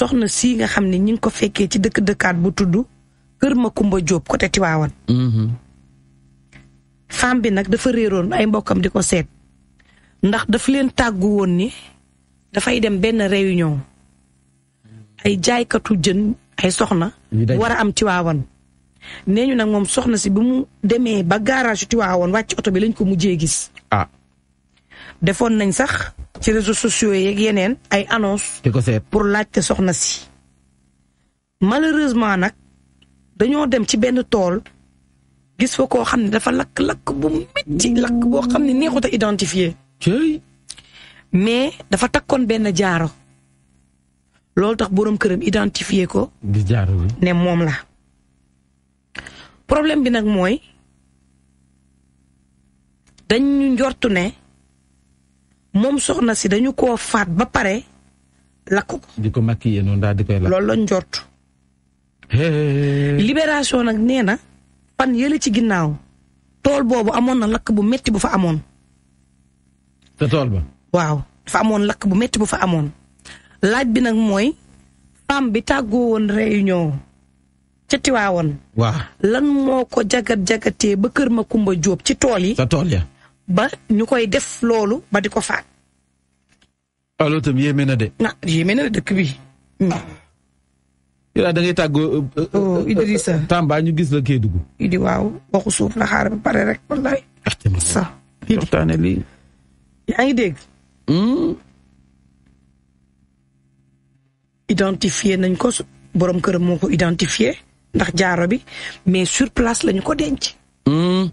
soxna si nga xam ne ñi ngi ko fekkee ci dëkk dëkkaat bu tudd kër Makumba Jóob côté Tiwaawan mm-hmm. femme bi nag dafa réeroon ay mbokkam di ko seet ndax daf leen tàggu woon ni dafay dem benn réew réunion ay jaaykatu jën ay soxna war a am Tiwaawan nee ñu nag moom soxna si bi mu demee ba garage Tiwaawan wàcc oto bi lañ ko mujjee gis ah. defoon nañ sax ci réseaux sociaux yeeg yeneen ay annonce di ko seet pour laajte soxna si malheureusement nag dañoo dem ci benn tool gis fa koo xam ne dafa lakk-lakk bu métti lakk boo xam ne neexut a identifié mais dafa takkoon benn jaaro loolu tax borom këram identifier ko bi jaaro ne moom la problème bi nag mooy ñu njortu ne moom soxna si dañu ko faat ba pare lakk ko. di ko maquiller noonu daal di koy lakk. loolu la njort. libération nag nee na fan yële ci ginnaaw tool boobu amoon na lakk bu metti bu fa amoon. te ba. waaw amoon lakk bu metti bu fa amoon laaj bi nag mooy femme bi tàggoo woon réunion ca Tiwaawoon. lan moo ko jagat jagatee ba kër ma Makumba Jóob ci tool yi. te tool ya. ba ñu koy def loolu ba di ko faat. Alo hmm. uh, uh, oh, uh, tam yeme na de. na yeme na de dëkk bi. yow da ngay tàggoo. Idrissa Tamba ñu gis la Kédougou. Idi waaw waxu suuf la xaar ba pare rek wallaay. Ah, sa waxtaane li yaa ngi Hmm. identifier nañ ko borom këram moo ko jarabi, ndax jaaro bi mais sur place lañu ko denc. Hmm?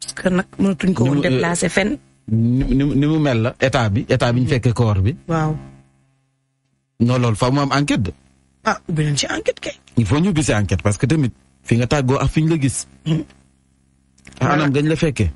parce que mënatuñ ko woon euh, fenn. ni ni mu mel la état bi état bi ñu fekkee koor bi. waaw. non loolu fa mu am enquête de. ah ubbi ci enquête kay. il faut ñu ubbi si parce que tamit fi nga tàggoo ak fi ñu la gis. Hmm. Ah, anam gañ la fekkee.